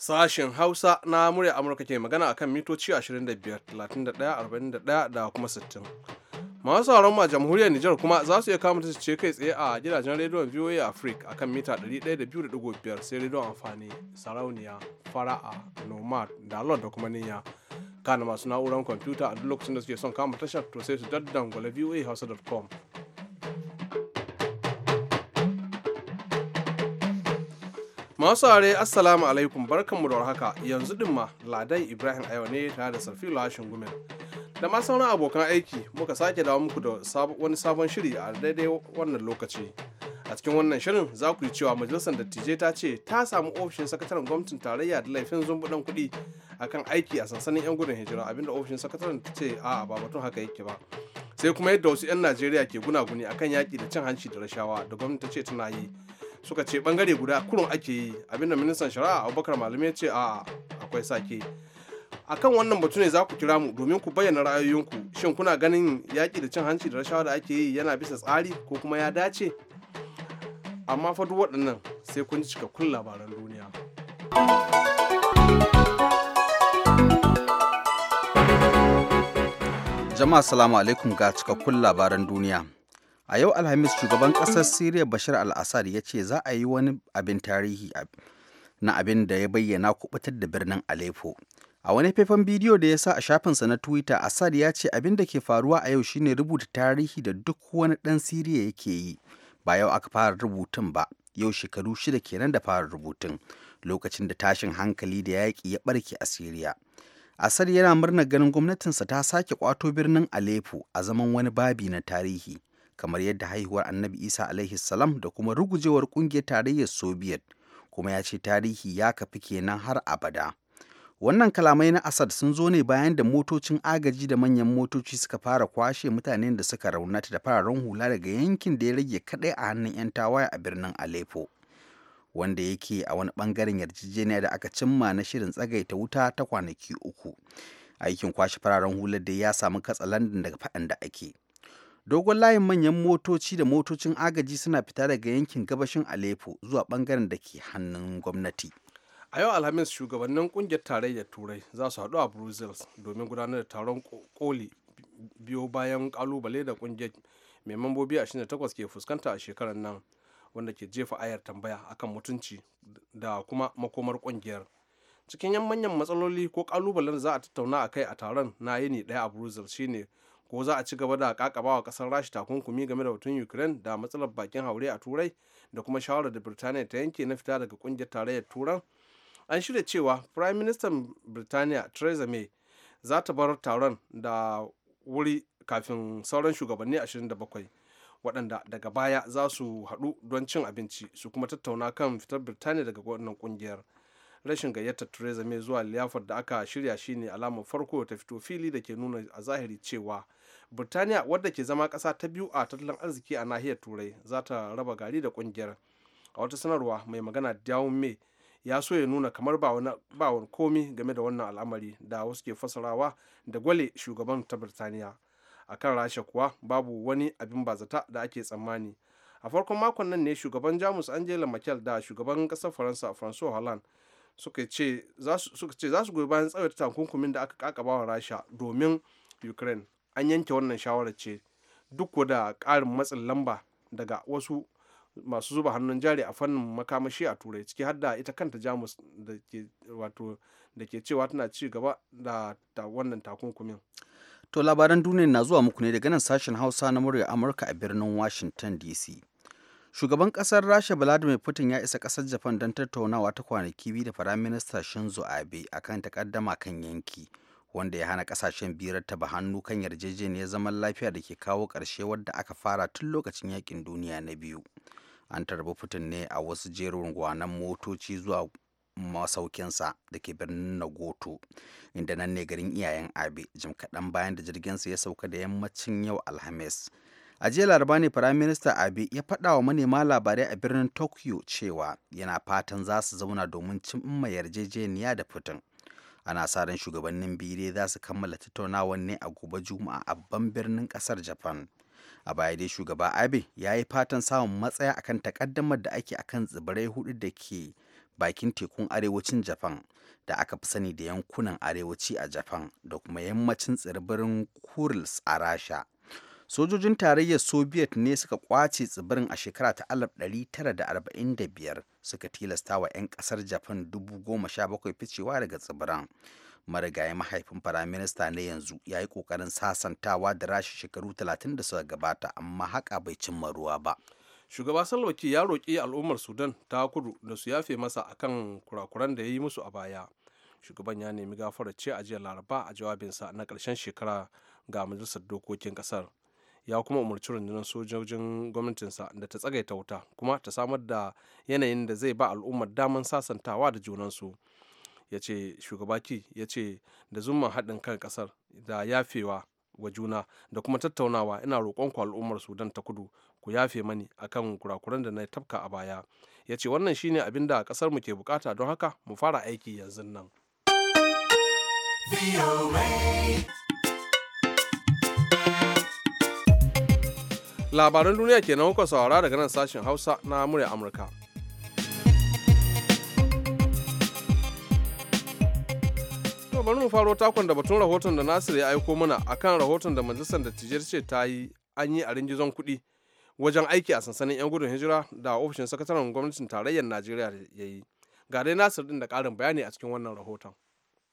Sashen Hausa na murya Amurka ke magana akan mitoci 25, 31, 41 da kuma 60. Masu sauran ma jamhuriyar Nijar kuma za su iya kama su ce kai tsaye a gidajen rediyon VOA Africa akan mita 102.5 sai rediyon amfani sarauniya fara'a nomad da da kuma niyya. Kana masu na'urar kwamfuta a duk lokacin da suke son kama tashar to sai su voa hausa.com Masu are assalamu alaikum mu da warhaka yanzu din ma ladan Ibrahim a ne tare da Sarfilu Hashin gumin Da ma sauran abokan aiki muka sake dawo muku da wani sabon shiri a daidai wannan lokaci. A cikin wannan shirin za ku yi cewa majalisar dattijai ta ce ta samu ofishin sakataren gwamnatin tarayya da laifin zumbuɗan kuɗi akan aiki a sansanin 'yan gudun hijira abinda ofishin sakataren ta ce a ba batun haka yake ba. Sai kuma yadda wasu 'yan Najeriya ke gunaguni akan yaƙi da cin hanci da rashawa da gwamnati ta ce tana yi suka ce bangare guda kurun ake yi abinda ministan shari'a abubakar malami ya ce a akwai sake akan wannan batu ne za ku kira mu domin ku bayyana ra'ayoyinku shin kuna ganin yaƙi da cin hanci da rashawa da ake yi yana bisa tsari ko kuma ya dace amma fa duk waɗannan sai kun ji cikakkun labaran duniya jama'a salamu alaikum ga cikakkun labaran duniya a yau alhamis shugaban ƙasar siriya bashar al-assad ya ce za a yi wani abin tarihi na abin da ya bayyana kubutar da birnin aleppo a wani faifan bidiyo da ya sa a shafinsa na twitter assad ya ce abin da ke faruwa a yau shine rubuta tarihi da duk wani ɗan siriya yake yi ba yau aka fara rubutun ba yau shekaru shida kenan da fara rubutun lokacin da tashin hankali da yaƙi ya ɓarke a siriya assad yana murnar ganin gwamnatinsa ta sake kwato birnin aleppo a zaman wani babi na tarihi kamar yadda haihuwar annabi isa alaihi salam da kuma rugujewar kungiyar tarayyar soviet kuma ya ce tarihi ya kafi kenan har abada wannan kalamai na asad sun zo ne bayan da motocin agaji da manyan motoci suka fara kwashe mutanen da suka raunata da fararen hula daga yankin da ya rage kadai a hannun 'yan tawaye a birnin aleppo wanda yake a wani bangaren yarjejeniya da aka cimma na shirin tsagaita wuta ta kwanaki uku aikin kwashe fararen hular da ya samu katsalandan daga faɗan da ake dogon layin manyan motoci da motocin agaji suna fita daga yankin gabashin aleppo zuwa bangaren da ke hannun gwamnati a yau alhamis shugabannin kungiyar tarayyar turai za su haɗu a brussels domin gudanar da taron koli biyo bayan kalubale da kungiyar mai mambobi a 28 ke fuskanta a shekarar nan wanda ke jefa ayar tambaya akan mutunci da kuma makomar kungiyar cikin yan manyan matsaloli ko kalubalen za a tattauna a kai a taron na yini daya a brussels shine ko za a ci gaba da wa kasar rashi takunkumi game da batun ukraine da matsalar bakin haure a turai da kuma shawarar da birtaniya ta yanke na fita daga kungiyar tarayyar turan an shirya cewa prime minister birtaniya theresa may za ta bar taron da wuri kafin sauran shugabanni 27 waɗanda daga baya za su haɗu don cin abinci su kuma tattauna kan fitar birtaniya daga wannan kungiyar rashin gayyatar theresa may zuwa liyafar da aka shirya shine alamar farko ta fito fili da ke nuna a zahiri cewa burtaniya wadda ke zama kasa ta biyu a tattalin arziki a nahiyar turai za ta raba gari da kungiyar a wata sanarwa mai magana dawun may ya so ya nuna kamar ba wani komi game da wannan al'amari da wasu ke fasarawa da gwale shugaban ta birtaniya a kan rasha kuwa babu wani abin bazata da ake tsammani a farkon makon nan ne shugaban jamus angela merkel da shugaban kasar faransa francois hollande suka ce za su goyi bayan tsawaita takunkumin da aka kakabawa wa rasha domin ukraine an yanke wannan shawarar ce duk da ƙarin matsin lamba daga wasu masu zuba hannun jari a fannin makamashi a turai ciki har da ita kanta jamus da ke cewa tana ci gaba da wannan takunkumin to labaran duniya na zuwa muku ne daga nan sashen hausa na murya amurka a birnin washington dc shugaban kasar rasha vladimir putin ya isa kasar japan don tattaunawa ta kwanaki biyu da firaminista shinzo abe akan takaddama kan yanki wanda ya hana kasashen biyar taba hannu kan yarjejeniyar zaman lafiya da ke kawo ƙarshe wadda aka fara tun lokacin yakin duniya na biyu an tarbi fitin ne a wasu jerin gwanan motoci zuwa masaukinsa da ke birnin nagoto inda nan ne garin iyayen abe jim kaɗan bayan da jirginsa ya sauka da yammacin yau alhamis a jiya laraba ne firayim minista abe ya faɗa wa manema labarai a birnin tokyo cewa yana fatan za su zauna domin cimma yarjejeniya da fitin ana sa ran shugabannin biyu za su kammala tattaunawar ne a gobe juma'a a babban birnin kasar japan a baya dai shugaba abe ya yi fatan samun matsaya akan takaddamar da ake akan tsibirai hudu da ke bakin tekun arewacin japan da aka fi sani da yankunan arewaci a japan da kuma yammacin tsibirin kurils a rasha sojojin tarayyar soviet ne suka kwace tsibirin a shekara ta 1945 suka tilasta wa 'yan kasar japan dubu goma sha bakwai ficewa daga tsibiran marigayi mahaifin firaminista na yanzu ya yi kokarin sasantawa da rashin shekaru talatin da suka gabata amma haka bai cimma ruwa ba shugaba salwaki ya roƙi al'ummar sudan ta kudu da su yafe masa akan kurakuran da ya yi musu a baya shugaban ya nemi gafarar ce a jiya laraba a jawabinsa na ƙarshen shekara ga majalisar dokokin ƙasar ya kuma umarci rundunar sojojin gwamnatinsa da ta tsagaita wuta kuma ta samar da yanayin da zai ba al'ummar daman sasantawa da junansu ya ce shugabaki ya ce da zumman haɗin kan ƙasar da yafewa wa juna da kuma tattaunawa ina roƙon ku al'ummar sudan ta kudu ku yafe mani akan kurakuran da na tafka a baya ya ce wannan shine abin da ƙasar mu ke bukata don haka mu fara aiki yanzu nan labaran duniya kenan kuka saurara daga nan sashen hausa na murya amurka to bari mu faro takon da batun rahoton da nasir ya aiko mana akan rahoton da majalisar da tijjiyar ce ta yi an yi a ringizon kuɗi wajen aiki a sansanin 'yan gudun hijira da ofishin sakataren gwamnatin tarayyar najeriya ya yi ga dai nasir din da ƙarin bayani a cikin wannan rahoton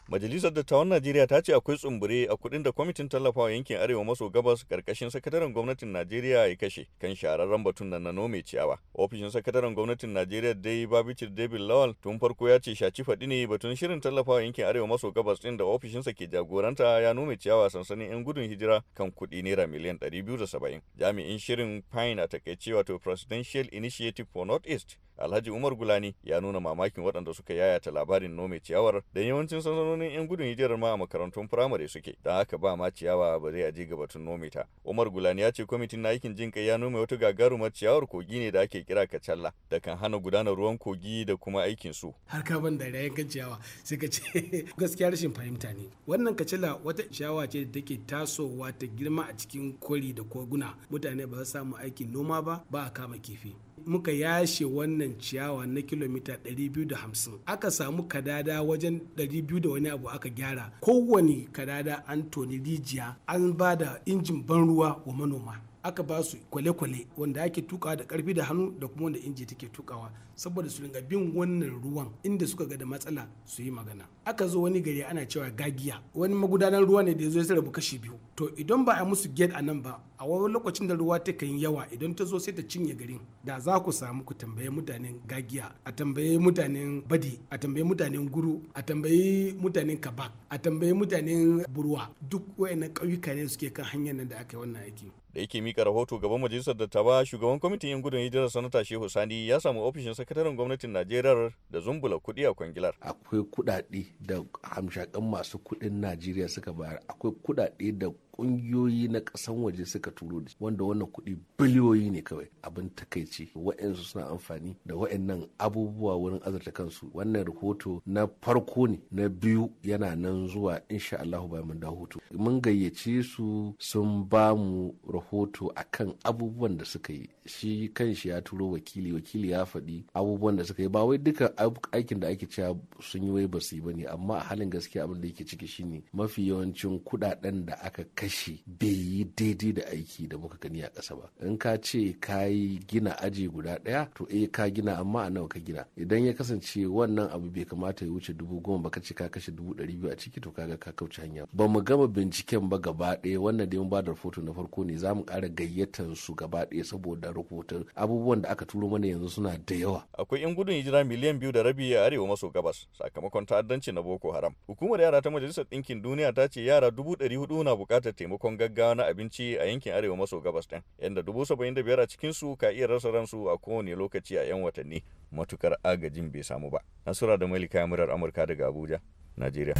Majalisar Dattawan Najeriya ta ce akwai tsumbure a kuɗin da kwamitin tallafawa yankin Arewa maso gabas karkashin sakataren gwamnatin Najeriya ya kashe kan shahararren batun nan na nome ciyawa. Ofishin sakataren gwamnatin Najeriya dai Babicir David Lawal tun farko ya ce shaci faɗi ne batun shirin tallafawa yankin Arewa maso gabas ɗin da ofishinsa ke jagoranta ya nome ciyawa sansanin 'yan gudun hijira kan kuɗi naira miliyan saba'in Jami'in shirin Pine a takaice wato Presidential Initiative for North East Alhaji Umar Gulani ya nuna mamakin waɗanda suka yayata labarin nome ciyawar da yawancin sansanonin 'yan gudun hijirar ma a makarantun firamare suke da haka ba ma ciyawa ba zai aje gabatun nome ta. Umar Gulani ya ce kwamitin na aikin jin kai ya nome wata gagarumar ciyawar kogi ne da ake kira kacalla da kan hana gudanar ruwan kogi da kuma aikin su. Har ka ban da kan ciyawa sai ka ce gaskiya rashin fahimta ne. Wannan kacalla wata ciyawa ce da take tasowa ta girma a cikin kori da koguna mutane ba za su samu aikin noma ba ba a kama kifi. muka yashe wannan ciyawa na kilomita 250 aka samu kadada wajen 200 da wani abu aka gyara kowane kadada an toni rijiya an ba da injin ban ruwa wa manoma aka ba su kwale-kwale wanda ake tukawa da karfi da hannu da kuma wanda inji take tukawa saboda su ringa bin wannan ruwan inda suka ga da matsala su yi magana aka zo wani gari ana cewa gagiya wani magudanar ruwa ne da ya zo ya rabu kashi biyu to idan ba a musu gate a nan ba a wani lokacin da ruwa ta kan yawa idan ta zo sai ta cinye garin da za ku samu ku tambaye mutanen gagiya a tambaye mutanen badi a tambaye mutanen guru a tambayi mutanen kabak a tambayi mutanen burwa duk wayannan kauyuka ne suke kan hanyar nan da aka yi wannan aiki da yake mika rahoto gaban majalisar dattawa shugaban kwamitin yan gudun hijirar sanata shehu sani ya samu ofishin sakataren gwamnatin najeriya da zumbula kuɗi a kwangilar akwai kuɗaɗe da hamshakan masu kudin najeriya suka bayar akwai kudade da kungiyoyi na kasan waje suka turo da wanda wannan kuɗi biliyoyi ne kawai abin takaici wa'ansu suna amfani da wa'annan abubuwa wurin azurta kansu wannan rahoto na farko ne na biyu yana nan zuwa insha Allah ba mun da hutu mun gayyace su sun ba mu rahoto akan abubuwan da suka yi shi kan shi ya turo wakili wakili ya faɗi abubuwan da suka yi ba wai duka aikin da ake cewa sun yi wai ba su yi ba ne amma a halin gaskiya abin da yake ciki shine mafi yawancin kuɗaɗen da aka kai kashi bai yi daidai da aiki da muka gani a kasa ba in ka ce ka yi gina aji guda ɗaya to eh ka gina amma a nawa ka gina idan ya kasance wannan abu bai kamata ya wuce dubu goma ba ka ce ka kashe dubu ɗari biyu a ciki to kaga ka kauce hanya ba mu gama binciken ba gaba ɗaya wannan da ba da rahoto na farko ne za mu ƙara gayyatan su gaba ɗaya saboda rahoton abubuwan da aka turo mana yanzu suna da yawa akwai yan gudun hijira miliyan biyu da rabi a arewa maso gabas sakamakon ta'addanci na boko haram hukumar yara ta majalisar ɗinkin duniya ta ce yara dubu ɗari hudu na bukatar taimakon gaggawa na abinci a yankin arewa maso gabas ɗin yadda dubu saba'in da biyar a cikinsu ka iya rasa ransu a kowane lokaci a 'yan watanni matukar agajin bai samu ba nasura da malika murar amurka daga abuja najeriya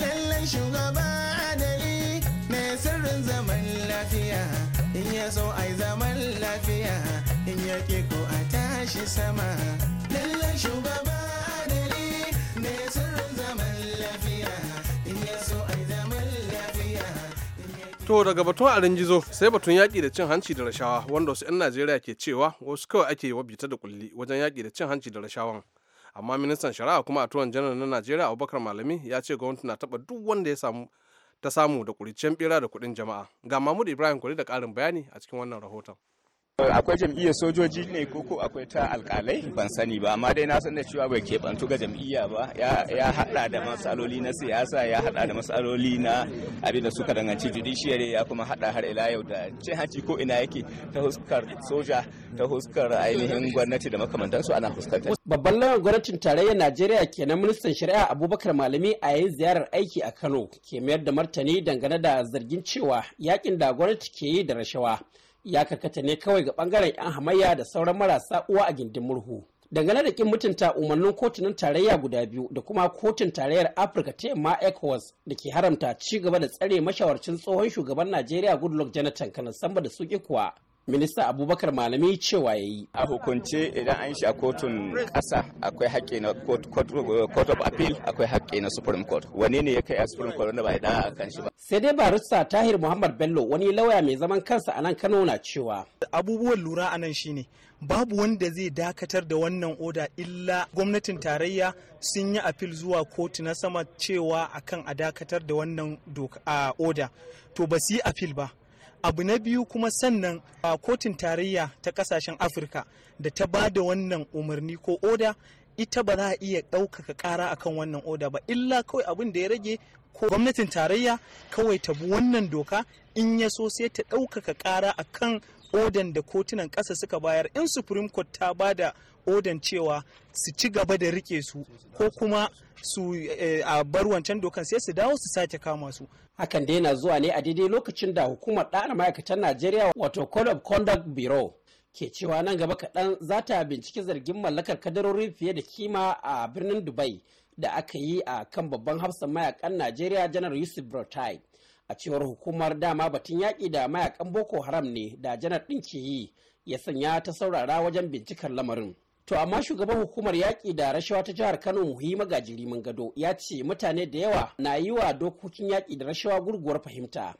lallai shugaba ne sirrin zaman lafiya in ya so zaman lafiya in ya a tashi sama lallai shugaba To daga batun a gizo sai batun yaƙi da cin hanci da rashawa wanda wasu 'yan Najeriya ke cewa wasu kawai ake wa bita da kulli wajen yaƙi da cin hanci da rashawan. Amma ministan shari'a kuma a tuwon janar na Najeriya Abubakar Malami ya ce gwamnati na taɓa duk wanda ya samu ta samu da kuricen bera da kuɗin jama'a. Ga Mahmud Ibrahim kuri da ƙarin bayani a cikin wannan rahoton. akwai jam'iyyar sojoji ne ko ko akwai ta alkalai ban sani ba amma dai na san da cewa bai keɓantu ga jam'iyya ba ya haɗa da matsaloli na siyasa ya haɗa da matsaloli na abin da suka danganci judiciary ya kuma haɗa har ila yau da cin hanci ko ina yake ta huskar soja ta huskar ainihin gwamnati da makamantansu ana huskarta. babban lauyan gwamnatin tarayyar najeriya kenan ministan shari'a abubakar malami a yayin ziyarar aiki a kano ke mayar da martani dangane da zargin cewa yakin da gwamnati ke yi da rashawa ya karkata ne kawai ga bangaren 'yan hamayya da sauran marasa uwa a gindin murhu dangane da kin mutunta umarnin kotunan tarayya guda biyu da kuma kotun tarayyar afirka ta yamma ecowas da ke haramta ci gaba da tsare mashawarcin tsohon shugaban najeriya goodluck jonathan kanan samba da Suke kuwa minista abubakar malami cewa ya yi a hukunce idan an shi a kotun ƙasa akwai haƙƙi na court of appeal akwai haƙƙi na supreme court wani ne ya kai a supreme court wanda ba ya dawa a kan shi ba sai dai barista tahir muhammad bello wani lauya mai zaman kansa a nan kano na cewa abubuwan lura a nan shine babu wanda zai dakatar da wannan oda illa gwamnatin tarayya sun yi appeal zuwa kotu na sama cewa akan a dakatar da wannan oda to ba su yi appeal ba abu na biyu kuma sannan a kotun tarayya ta kasashen afirka da ta ba da wannan umarni ko oda ita ba za a iya ɗaukaka ƙara akan wannan oda ba illa kawai abin da ya rage ko gwamnatin tarayya kawai ta bi wannan doka in ya so sai ta ɗaukaka ƙara akan odan da kotunan ƙasa suka bayar in supreme court ta ba da odan cewa su ci gaba da rike su ko kuma su eh, a bar wancan dokan sai su dawo su sake kama su hakan dai na zuwa ne a daidai lokacin da hukumar ɗana ma'aikatan najeriya wato code of conduct bureau ke cewa nan gaba kaɗan za ta binciki zargin mallakar kadarori fiye da kima a birnin dubai da aka yi a kan babban hafsan mayakan najeriya janar yusuf burtai a cewar hukumar dama batun yaƙi da mayakan boko haram ne da janar ɗin ke yi ya sanya ta saurara wajen bincikar lamarin to amma shugaban hukumar yaƙi da rashawa ta jihar kano muhi magajiri gado ya ce mutane da yawa na yi wa dokokin yaƙi da rashawa gurguwar fahimta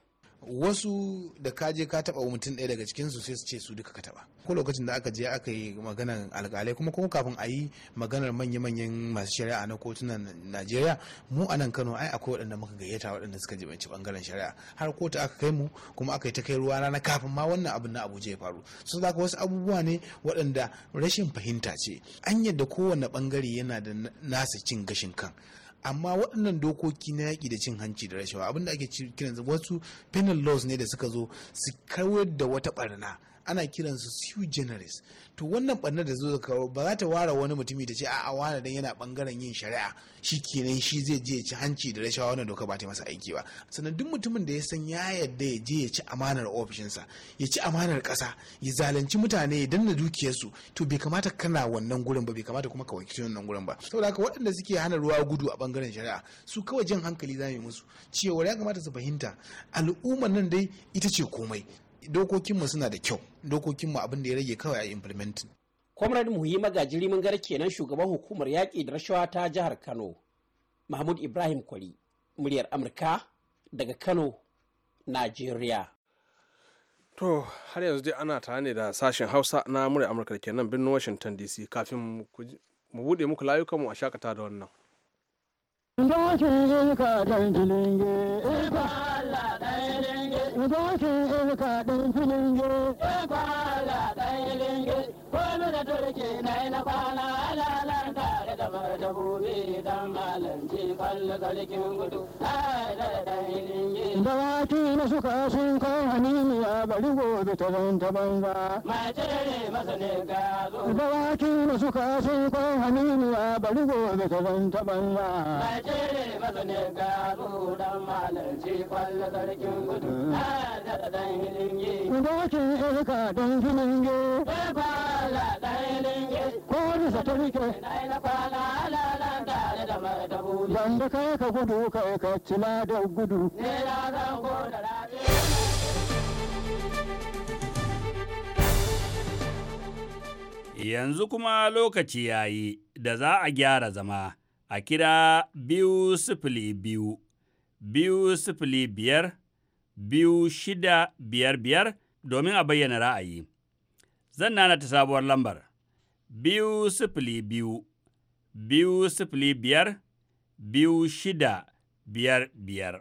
wasu da ka je ka taba mutum ɗaya daga cikin su sai su ce su duka ka taba ko lokacin da aka je aka yi maganar alkalai kuma kuma kafin a yi maganar manya-manyan masu shari'a na kotunan najeriya mu a nan kano ai akwai waɗanda muka gayyata waɗanda suka jibanci bangaren shari'a har kotu aka kai mu kuma aka yi ta kai ruwa rana kafin ma wannan abin na abuja ya faru su za wasu abubuwa ne waɗanda rashin fahimta ce an yadda kowane bangare yana da nasa cin gashin kan amma waɗannan dokoki na yaƙi da cin hanci da rashawa abinda ake kiran wasu penal laws ne da suka zo su kawar da wata ɓarna. ana kiransu su generis to wannan ɓannar da zo kawo ba za ta ware wani mutumi ta ce a a wane dan yana bangaren yin shari'a shi kenan shi zai je ya ci hanci da rashawa wannan doka ba ta masa aiki ba sanadin mutumin da ya san ya yarda ya je ya ci amanar ofishinsa ya ci amanar ƙasa ya zalunci mutane ya danna dukiyarsu to bai kamata kana wannan gurin ba bai kamata kuma ka wakilci wannan gurin ba saboda haka waɗanda suke hana ruwa gudu a bangaren shari'a su kawai jin hankali za mu yi musu cewa ya kamata su fahimta al'ummar nan dai ita ce komai dokokinmu suna da kyau dokokinmu abin da ya rage kawai a implementing comrade muhi magajiri mun gar kenan shugaban hukumar yaƙi da rashawa ta jihar kano mahmud ibrahim kwari muryar amurka daga kano najeriya to har yanzu dai ana tare ne da sashen hausa na muryar amurka da kenan birnin washington dc kafin mu buɗe muku layukanmu a shakata da wannan Ndoshin ka dan jilinge, ifa eh, Idokin iska ɗin filinge. Ikwa ala ɗan ilinge, ko nuna turke na yi na kwana alalar tare da marta gobe dan malamci kalli sarkin gudu tare da ɗan ilinge. Dawaki na suka sun kan haniniya bari gobe ta zan ta banza. Mace ne masa ne gazo. Dawaki na suka sun kan haniniya bari gobe ta zan ta banza. Mace ne masa ne gazo dan malamci kalli sarkin gudu. Kuma wace ka gudu gudu. Yanzu kuma lokaci ya yi da za a gyara zama a kira biyu sifili biyu, biyu sifili biyar biyu shida biyar biyar domin a bayyana ra'ayi. Zan nana ta sabuwar lambar biyu sifili biyu, biyu sifili biyar, biyu shida biyar biyar.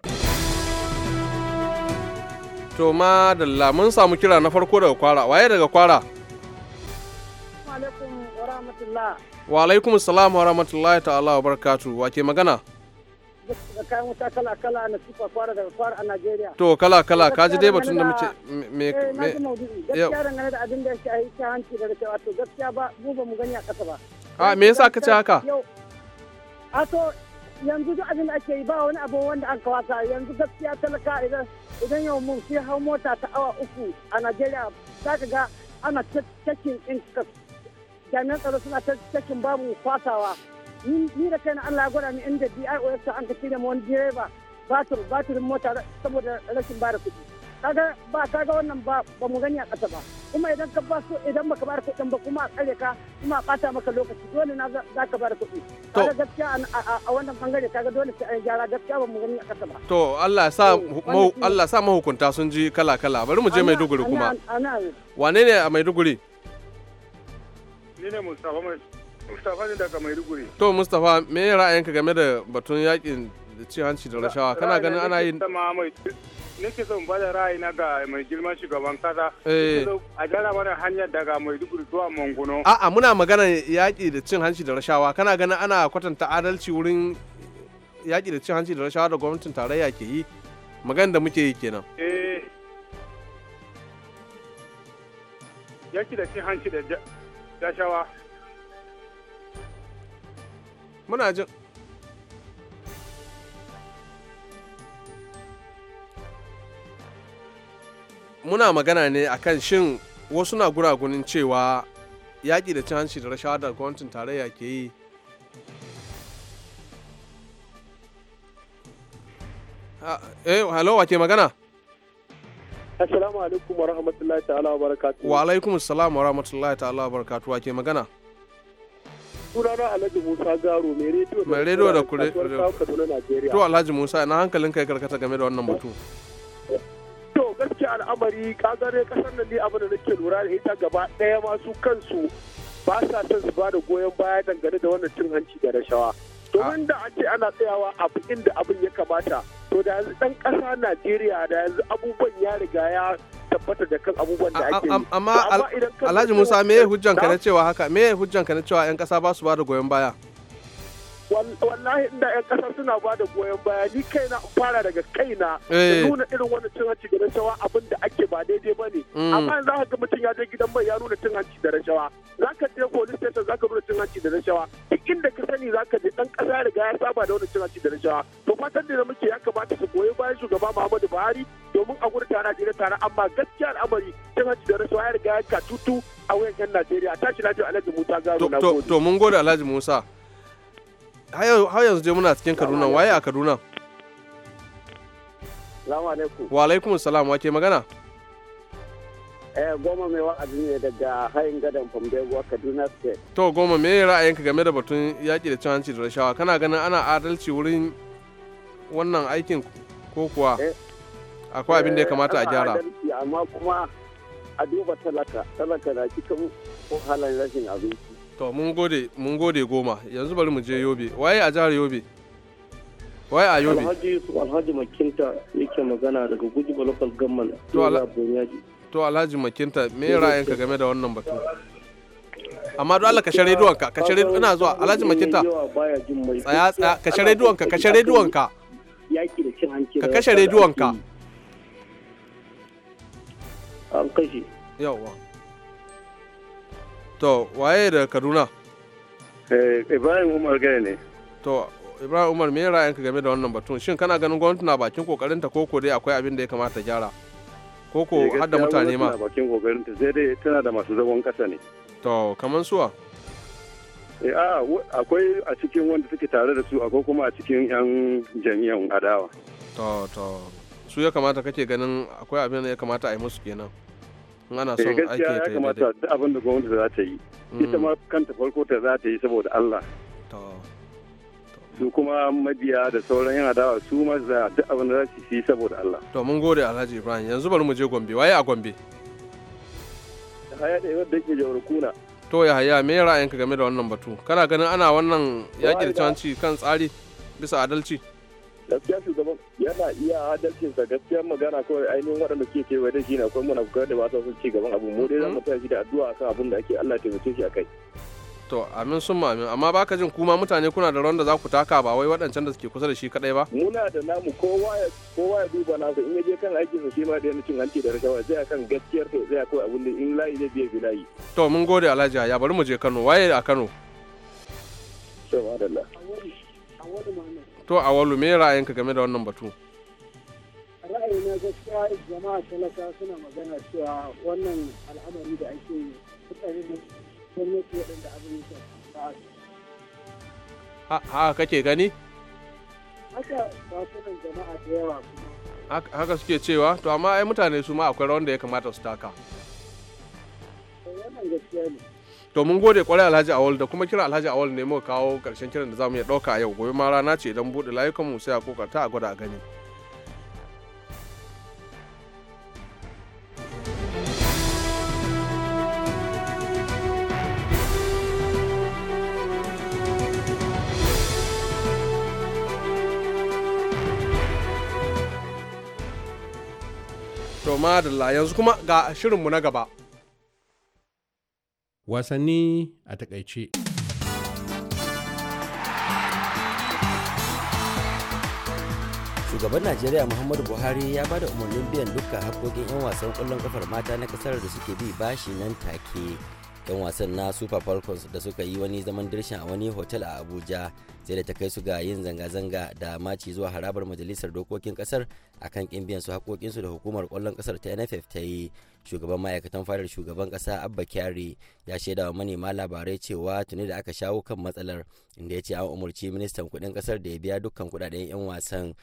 To ma da mun samu kira na farko daga kwara, waye daga kwara? Wa alaikum salam wa rahmatullahi ta'ala wa barakatu, wa ke magana? da kayan wuta kala kala na sifa kwara daga kwara a Najeriya. To kala kala ka ji dai batun da muke me me gaskiya dangane da abin da ya shahi ta hanci daga cewa to gaskiya ba mu ba mu gani a ƙasa ba. A me yasa ka ce haka? A to yanzu duk abin da ake yi ba wani abu wanda an kawata yanzu gaskiya talaka idan idan yau mun sai hau mota ta awa uku a Najeriya za ka ga ana cikin ɗin jami'an tsaro suna cakin babu kwasawa. ni da kaina Allah ya gwada ni inda DIOS ta an ka mu wani direba batir batirin mota saboda rashin bada kuɗi kaga ba kaga wannan ba ba mu gani a ƙasa ba kuma idan ka ba idan baka bada kuɗi ba kuma a tsare ka kuma a ɓata maka lokaci dole na za ka bada kuɗi kaga gaskiya a wannan bangare kaga dole sai an gyara gaskiya ba mu gani a ƙasa ba to Allah sa eh, Allah sa mahukunta sun ji kala kala bari mu je Maiduguri kuma wane ne a Maiduguri ni ne Mustafa Maiduguri Mustapha ne daga Maiduguri. To Mustapha me ra'ayinka game da batun yakin cin hanci da rashawa kana ganin ana yin nake son ba da ra'ayi na ga mai girman shugaban kasa eh. a jara mana hanyar daga maiduguri zuwa mangono a'a muna magana yaƙi da cin hanci da rashawa kana ganin ana kwatanta adalci wurin yaƙi da cin hanci da rashawa da gwamnatin tarayya ke yi magana da muke yi kenan eh. yaƙi da cin hanci da rashawa muna jin muna magana ne akan shin wasu na guragunin cewa yaƙi da cin hanci da rashawa da gwamnatin tarayya ke yi eh hello wake magana assalamu alaikum wa rahmatullahi ta'ala wa barakatuhu wa alaikum assalam wa rahmatullahi ta'ala wa barakatuhu wake magana sunana Alhaji Musa Garo mai rediyo da mai rediyo da kure Kaduna Najeriya to Alhaji Musa ina hankalin kai karkata game da wannan batu to gaskiya al'amari kagare kasar nan ne abin da nake lura da ita gaba ɗaya ma su kansu ba sa son su ba da goyon baya dangane da wannan cin hanci da rashawa ah. domin da ake ana tsayawa a inda abin ya kamata to da yanzu dan kasa Najeriya da yanzu abubuwan ya riga ya tabbata da kan abubuwan da ake yi amma Alhaji Musa me hujjanka na cewa haka me hujjanka na cewa yan kasa ba su ba da goyon baya wallahi inda 'yan kasar suna ba da goyon baya ni kaina in fara daga kaina da eh. nuna irin wani cin hanci da rashawa abin da ake ba daidai ba ne mm. amma yanzu haka ga mutum ya je gidan mai ya nuna cin hanci da rashawa za ka je police station za ka nuna cin hanci da rashawa duk inda ka sani za ka je dan kasa riga ya saba da wani cin hanci da rashawa to fatan da muke ya kamata su goyi bayan shugaba Muhammadu Buhari domin a gurin tare a tare amma gaskiya al'amari cin hanci da rashawa ya riga ya ka tutu a wuyan 'yan Najeriya tashi lafiya Alhaji Musa Garo na gode. To mun gode Alhaji Musa. har yanzu je muna cikin Kaduna waye a Kaduna Wa alaikum salam wake magana Eh goma mai wa'azi ne daga hayin gadon Fambego Kaduna State To goma me ra'ayinka game da batun yaƙi da cin hanci da rashawa kana ganin ana adalci wurin wannan aikin ko kuwa eh, akwai abin da ya kamata a eh, gyara amma kuma a duba talaka talaka na cikin halayen rashin abinci to mun gode mun gode goma yanzu bari mu je yobe waye a jihar yobe waye a yobe alhaji alhaji makinta yake magana daga guji local government to alhaji to alhaji makinta me ka game da wannan batu amma don Allah kashe rediyon kashe rediyon ina zuwa alhaji makinta tsaya tsaya kashe rediyon kashe rediyon ka ka kashe rediyon ka an kashe yawa to waye da kaduna eh, ibrahim umar gane ne to ibrahim umar me ka game da wannan batun shin kana ganin gwamnati na bakin kokarin ta koko dai akwai abin da ya kamata gyara koko eh, har da mutane ma bakin kokarin ta sai dai tana da masu zagon kasa ne to kaman suwa eh, a akwai a cikin wanda suke tare da su akwai kuma a cikin yan jami'an adawa to to su ya kamata kake ganin akwai abin da ya kamata a yi musu kenan ana eh, son aiki duk abin da gwamnati za ta yi mm. ita ma kanta farko ta za ta yi saboda Allah su kuma mabiya da sauran yana dawa su ma za duk abin da za su yi saboda Allah to mun gode Alhaji Ibrahim yanzu bari mu je Gombe waye a Gombe haya yawar da ke jawar kuna to ya haya me ra'ayinka game da wannan batu kana ganin ana wannan yaƙi da canci kan tsari bisa adalci gaskiya shugaban yana iya adalcin sa gaskiyar magana ko ainihin waɗanda ke kewaye da shi na akwai munafukai da ba sun ci gaban abu mu dai zamu mhm. shi da addu'a akan abin da ake Allah taimake shi akai to amin sun amin amma baka jin kuma mutane kuna da ronda za ku taka ba wai waɗancan da suke kusa da shi kadai ba muna da namu kowa ya kowa ya duba nasa in je kan aikin sa shi ma da cin hanci da rashawa zai akan gaskiyar sa zai kai abin da in layi zai biye bi layi to mun gode Alhaji ya bari mu je Kano waye a Kano to a walu me ra'ayinka game da wannan batu ra'ayina gaskiya jama'a talaka suna magana cewa wannan al'amari da ake yi mutane da gwamnati waɗanda abin ya ha kake gani haka ba sunan jama'a da yawa haka suke cewa to amma ai mutane su ma akwai rawan da ya kamata su taka wannan gaskiya ne to mun gode kwarai alhaji awal da kuma kira alhaji awal ne muka kawo karshen kiran da zamu iya dauka a yau gobe ma rana ce don bude layukan mu sai a kokarta a gwada a gani To ma da yanzu kuma ga shirinmu na gaba. wasanni a takaice. shugaban najeriya muhammadu buhari ya ba da umarnin biyan dukkan haƙoƙin 'yan wasan ƙwallon ƙafar mata na ƙasar da suke bi bashi nan take 'yan wasan na super falcons da suka yi wani zaman dirshin a wani hotel a abuja sai da ta kai su ga yin zanga-zanga da maci zuwa harabar majalisar dokokin kasar akan kin biyan su hakokinsu da hukumar kwallon kasar ta nff ta yi shugaban ma'aikatan fadar shugaban kasa abba kyari ya shaida wa manema labarai cewa tuni da aka shawo kan matsalar inda ya ce an umarci ministan kuɗin kasar da ya biya dukkan kudaden 'yan wasan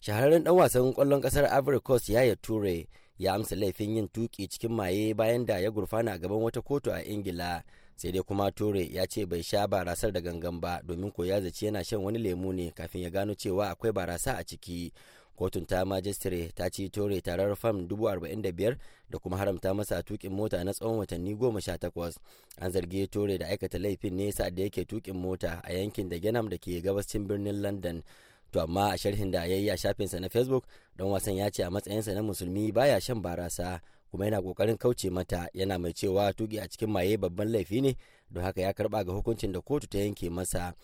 shahararren dan wasan kwallon kasar ivory coast yaya ture ya amsa laifin yin tuki cikin maye bayan da ya gurfana a gaban wata kotu a ingila sai dai kuma ture ya ce bai sha barasar da gangan ba domin ko ya zaci yana shan wani lemu ne kafin ya gano cewa akwai barasa a ciki kotun ta majistare ta ci ture tarar fam 45,000 da kuma haramta masa tukin mota na tsawon watanni 18 an zargi ture da aikata laifin ne sa'ad da yake tukin mota a yankin da genam da ke gabashin birnin london to amma a sharhin da ya yi a shafinsa na facebook don wasan ya ce a sa na musulmi baya shan barasa kuma yana kokarin kauce mata yana mai cewa tuki a cikin maye babban laifi ne don haka ya karba ga hukuncin da kotu ta yanke masa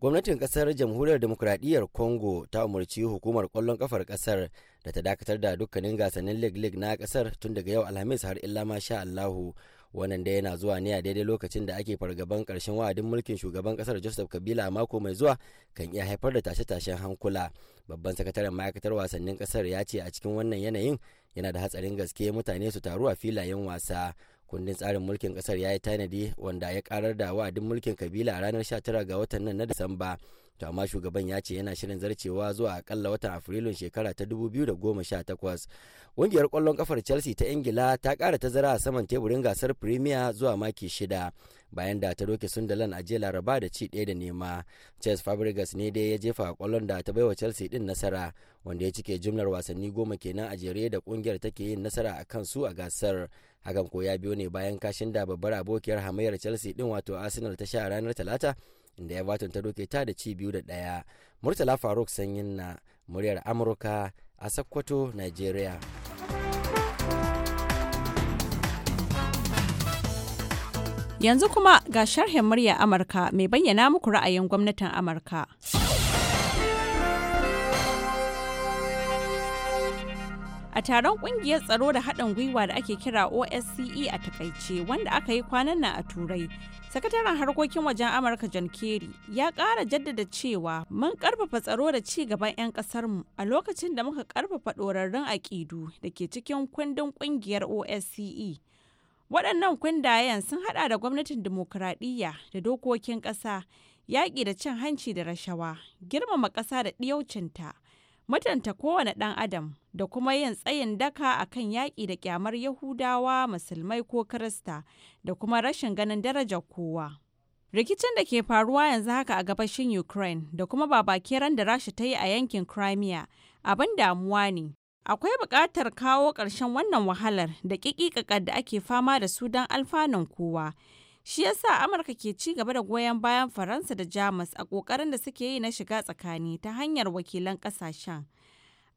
gwamnatin kasar jamhuriyar demokuraɗiyyar congo ta umarci hukumar kwallon kafar kasar da ta dakatar da dukkanin gasannin leg leg na kasar tun daga yau alhamis har illa ma sha allahu wannan da yana zuwa ne a daidai lokacin da ake fargaban karshen wa'adin mulkin shugaban kasar joseph kabila a mako mai zuwa kan iya haifar da tashe-tashen hankula babban sakataren ma'aikatar wasannin kasar ya ce a cikin wannan yanayin yana da hatsarin gaske mutane su taru a filayen wasa kundin tsarin mulkin kasar ya yi tanadi wanda ya karar da wa'adin mulkin kabila a ranar 19 ga watan nan na disamba to amma shugaban ya ce yana shirin zarcewa zuwa akalla watan afrilun shekara ta 2018 ƙungiyar kwallon kafar chelsea ta ingila ta ƙara tazara a saman teburin gasar premier zuwa maki shida bayan da ta doke sundalan a jiya laraba da ci daya da nema ches fabregas ne dai ya jefa kwallon da ta baiwa chelsea din nasara wanda ya cike jumlar wasanni goma kenan a jere da ƙungiyar take yin nasara a su a gasar hakan ko ya biyo ne bayan kashin da babbar abokiyar hamayyar chelsea din wato arsenal ta sha ranar talata inda everton ta doke ta da ci biyu da ɗaya murtala faruk sanyin na muryar amurka a sakkwato nigeria yanzu kuma ga sharhin murya amurka mai bayyana muku ra'ayin gwamnatin amurka a taron kungiyar tsaro da haɗin gwiwa da ake kira osce a takaice wanda aka yi kwanan nan a turai sakataren harkokin wajen amurka john kerry ya ƙara jaddada cewa mun ƙarfafa tsaro da ci gaban 'yan ƙasarmu a lokacin da muka ƙarfafa ɗorarrun aƙidu da ke cikin kundin kungiyar osce waɗannan kundayen sun haɗa da gwamnatin dimokuraɗiyya da dokokin ƙasa yaƙi da cin hanci da rashawa girmama ƙasa da ɗiyaucinta Mutunta kowane ɗan Adam da kuma yin tsayin daka a kan yaƙi da ƙyamar Yahudawa, Musulmai ko Kirista da kuma rashin ganin darajar kowa. Rikicin da ke faruwa yanzu haka a gabashin Ukraine da kuma babakeran da Rasha ta yi a yankin Crimea abin damuwa ne. Akwai buƙatar kawo ƙarshen wannan wahalar da ƙiƙiƙaƙar da ake fama da su don alfanun kowa. Shi yasa Amurka ke ci gaba da goyon bayan Faransa da Jamus a ƙoƙarin da suke yi na shiga tsakani ta hanyar wakilan ƙasashen.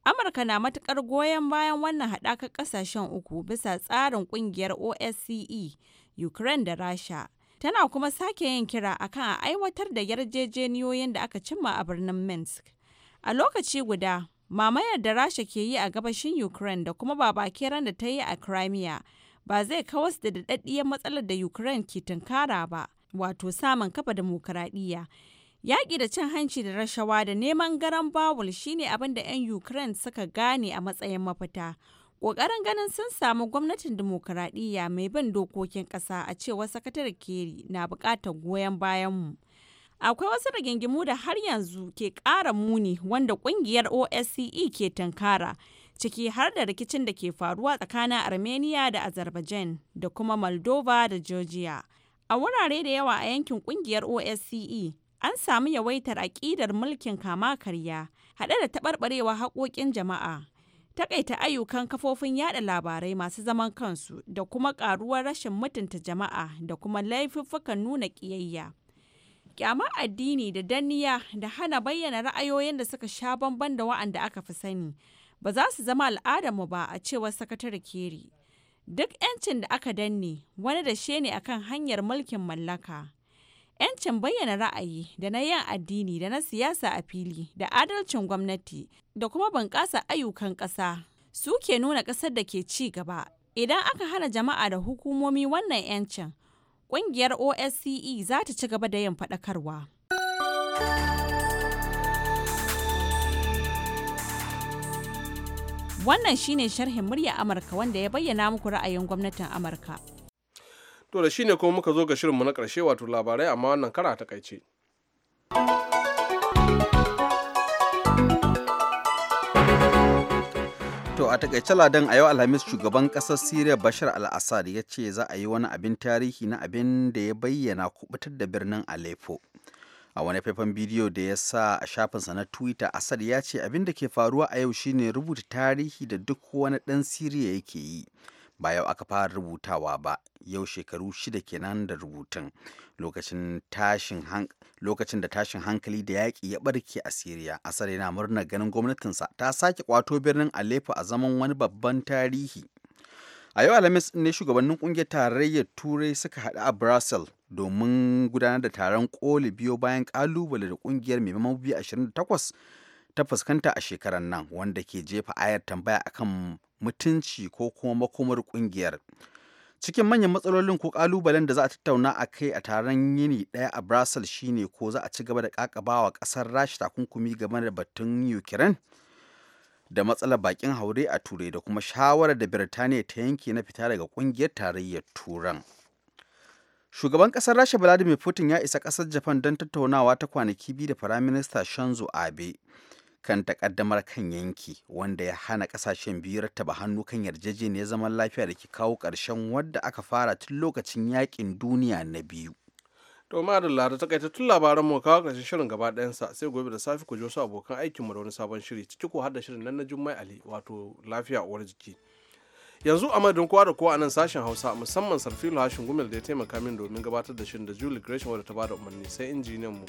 Amurka na matukar goyon bayan wannan haɗakar ƙasashen uku bisa tsarin ƙungiyar OSCE, Ukraine da Rasha. Tana kuma sake yin kira akan a aiwatar da yarjejeniyoyin da aka cimma a birnin Minsk. A lokaci guda, mamayar da Rasha ke yi a gabashin Ukraine da kuma babakeran da ta yi a Crimea ba zai kawas da daɗaɗɗiyar matsalar da Ukraine ke tunkara ba, wato samun kafa dimokuraɗiyya. Yaƙi da cin hanci da rashawa da neman garan bawul shine abin da 'yan Ukraine suka gane a matsayin mafita. Ƙoƙarin ganin sun samu gwamnatin dimokuraɗiyya mai bin dokokin ƙasa a cewar sakatare Keri na buƙatar goyon bayanmu. Akwai wasu rigingimu da har yanzu ke ƙara muni wanda ƙungiyar OSCE ke tunkara. ciki har da rikicin da ke faruwa tsakanin Armenia da Azerbaijan da kuma Moldova da Georgia. A wurare da yawa a yankin kungiyar OSCE, an samu yawaitar aƙidar mulkin kama karya, haɗe da taɓarɓarewa haƙoƙin jama'a. Taƙaita ayyukan kafofin yada labarai masu zaman kansu da kuma ƙaruwar rashin mutunta jama'a da kuma laifuffukan nuna ƙiyayya. kyamar addini da danniya da hana bayyana ra'ayoyin da suka sha bamban da wa'anda aka fi sani ba za su zama al'adarmu ba a cewar sakatare keri duk 'yancin da aka danne wani da she ne akan hanyar mulkin mallaka 'yancin bayyana ra'ayi da na yin addini da na siyasa a fili da adalcin gwamnati da kuma bunƙasa ayyukan ƙasa su ke nuna ƙasar da ke ci gaba idan aka hana jama'a da hukumomi wannan 'yancin ƙungiyar osce za ta ci gaba da yin faɗakarwa. Wannan shine sharhin murya Amurka wanda ya bayyana muku ra'ayin gwamnatin Amurka. To da shine kuma muka zo ga shirinmu na ƙarshe wato labarai amma wannan kara ta kaice. To a takaice ladan a yau Alhamis shugaban ƙasar Siriya Bashar al-Assad ya ce za a yi wani abin tarihi na abin da ya bayyana kubutar da birnin Aleppo. a wani faifan bidiyo da ya sa a shafinsa na twitter asad ya ce abin da ke faruwa a yau shine rubuta tarihi da duk wani dan siriya yake yi ba yau aka fara rubutawa ba yau shekaru shida kenan da rubutun lokacin da tashin hankali da yaƙi ya barke a siriya asar yana murna ganin gwamnatinsa ta sake kwato birnin aleppo a zaman wani babban tarihi a yau alhamis ne shugabannin kungiyar tarayyar turai suka haɗu a brussels domin gudanar da taron koli biyo bayan kalubale da kungiyar mai mamobi 28 ta fuskanta a shekarar nan wanda ke jefa ayar tambaya a kan mutunci ko kuma makomar kungiyar cikin manyan matsalolin ko kalubalen da za a tattauna a kai a taron yini daya a brussels shine ko za a ci gaba da kakabawa kasar rashi takunkumi game da batun ukraine da matsalar bakin haure a turai da kuma shawarar da birtaniya ta yanke na fita daga kungiyar tarayyar turan Shugaban ƙasar Rasha Vladimir Putin ya isa kasar Japan don tattaunawa ta kwanaki biyu da Firaminista Shanzo Abe kan takaddamar kan yanki wanda ya hana kasashen biyu rattaba hannu kan yarjejeniyar zaman lafiya da ke kawo karshen wadda aka fara tun lokacin yaƙin duniya na biyu. to ma da tun labaran mu kawo ƙarshen shirin gaba ɗayansa sai gobe da safe ku je wasu abokan aikinmu da wani sabon shiri ciki ko har da shirin nan na jummai ali wato lafiya uwar jiki. yanzu a madadin kowa da kowa a nan sashen hausa musamman sarfilo hashin gumel da ya taimaka min domin gabatar da shirin da julie gresham wadda ta ba da umarni sai injiniyan mu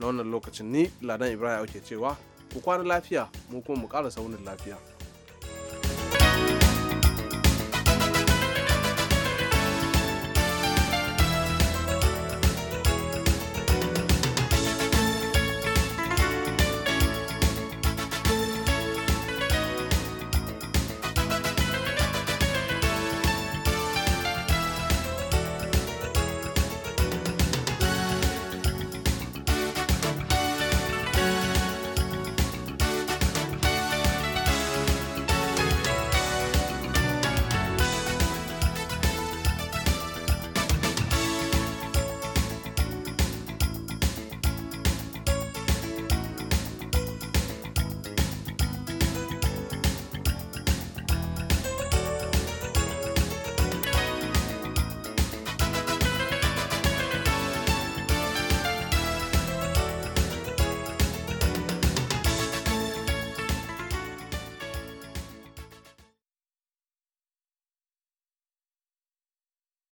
na wannan lokacin ni ladan ibrahim auke cewa ku kwana lafiya mu kuma mu ƙara saunin lafiya